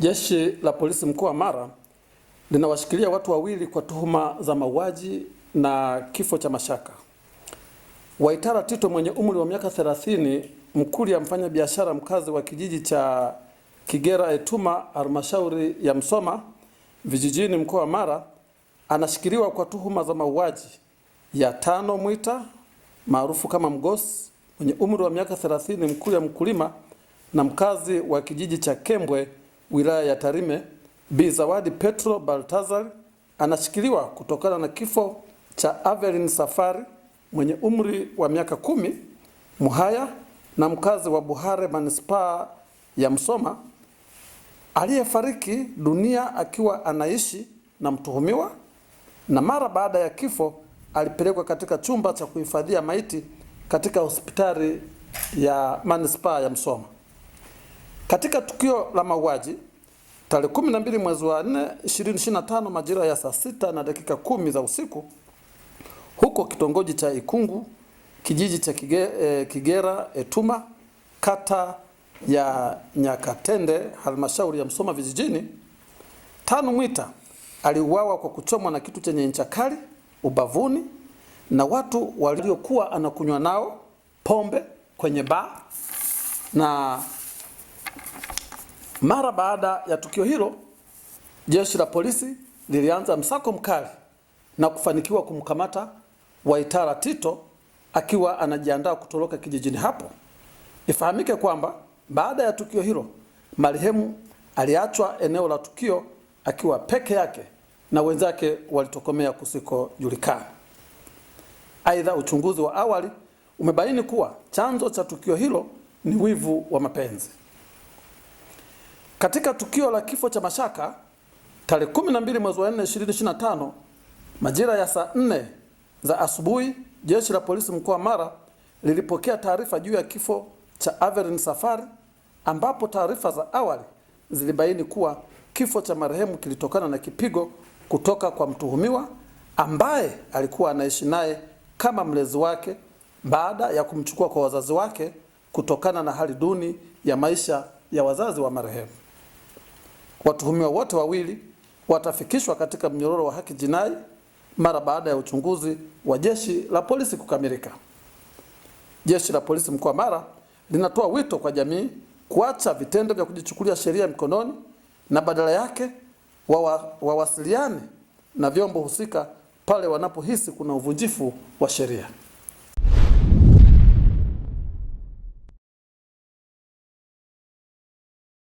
Jeshi la polisi mkoa wa Mara linawashikilia watu wawili kwa tuhuma za mauaji na kifo cha mashaka. Waitara Tito mwenye umri wa miaka 30, mfanya mfanyabiashara mkazi wa kijiji cha Kigera Etuma, halmashauri ya Msoma vijijini, mkoa wa Mara, anashikiliwa kwa tuhuma za mauaji ya Tano Mwita maarufu kama Mgosi mwenye umri wa miaka 30, ya mkulima na mkazi wa kijiji cha Kembwe wilaya ya Tarime, Bi Zawadi Petro Baltazar anashikiliwa kutokana na kifo cha Avelin Safari mwenye umri wa miaka kumi, Muhaya na mkazi wa Buhare manispaa ya Msoma aliyefariki dunia akiwa anaishi na mtuhumiwa, na mara baada ya kifo alipelekwa katika chumba cha kuhifadhia maiti katika hospitali ya manispaa ya Msoma. Katika tukio la mauaji tarehe 12 mwezi wa 4 25 majira ya saa sita na dakika kumi za usiku huko kitongoji cha Ikungu kijiji cha Kige, e, Kigera Etuma kata ya Nyakatende halmashauri ya Msoma vijijini, Tanu Mwita aliuawa kwa kuchomwa na kitu chenye ncha kali ubavuni na watu waliokuwa anakunywa nao pombe kwenye baa na mara baada ya tukio hilo, jeshi la polisi lilianza msako mkali na kufanikiwa kumkamata Waitara Tito akiwa anajiandaa kutoroka kijijini hapo. Ifahamike kwamba baada ya tukio hilo, marehemu aliachwa eneo la tukio akiwa peke yake na wenzake walitokomea kusikojulikana. Aidha, uchunguzi wa awali umebaini kuwa chanzo cha tukio hilo ni wivu wa mapenzi. Katika tukio la kifo cha Mashaka tarehe 12 mwezi wa 4 2025, majira ya saa 4 za asubuhi, jeshi la polisi mkoa wa Mara lilipokea taarifa juu ya kifo cha Averin Safari, ambapo taarifa za awali zilibaini kuwa kifo cha marehemu kilitokana na kipigo kutoka kwa mtuhumiwa ambaye alikuwa anaishi naye kama mlezi wake baada ya kumchukua kwa wazazi wake kutokana na hali duni ya maisha ya wazazi wa marehemu. Watuhumiwa wote wawili watafikishwa katika mnyororo wa haki jinai mara baada ya uchunguzi wa jeshi la polisi kukamilika. Jeshi la polisi mkoa Mara linatoa wito kwa jamii kuacha vitendo vya kujichukulia sheria mkononi na badala yake wawasiliane na vyombo husika pale wanapohisi kuna uvunjifu wa sheria.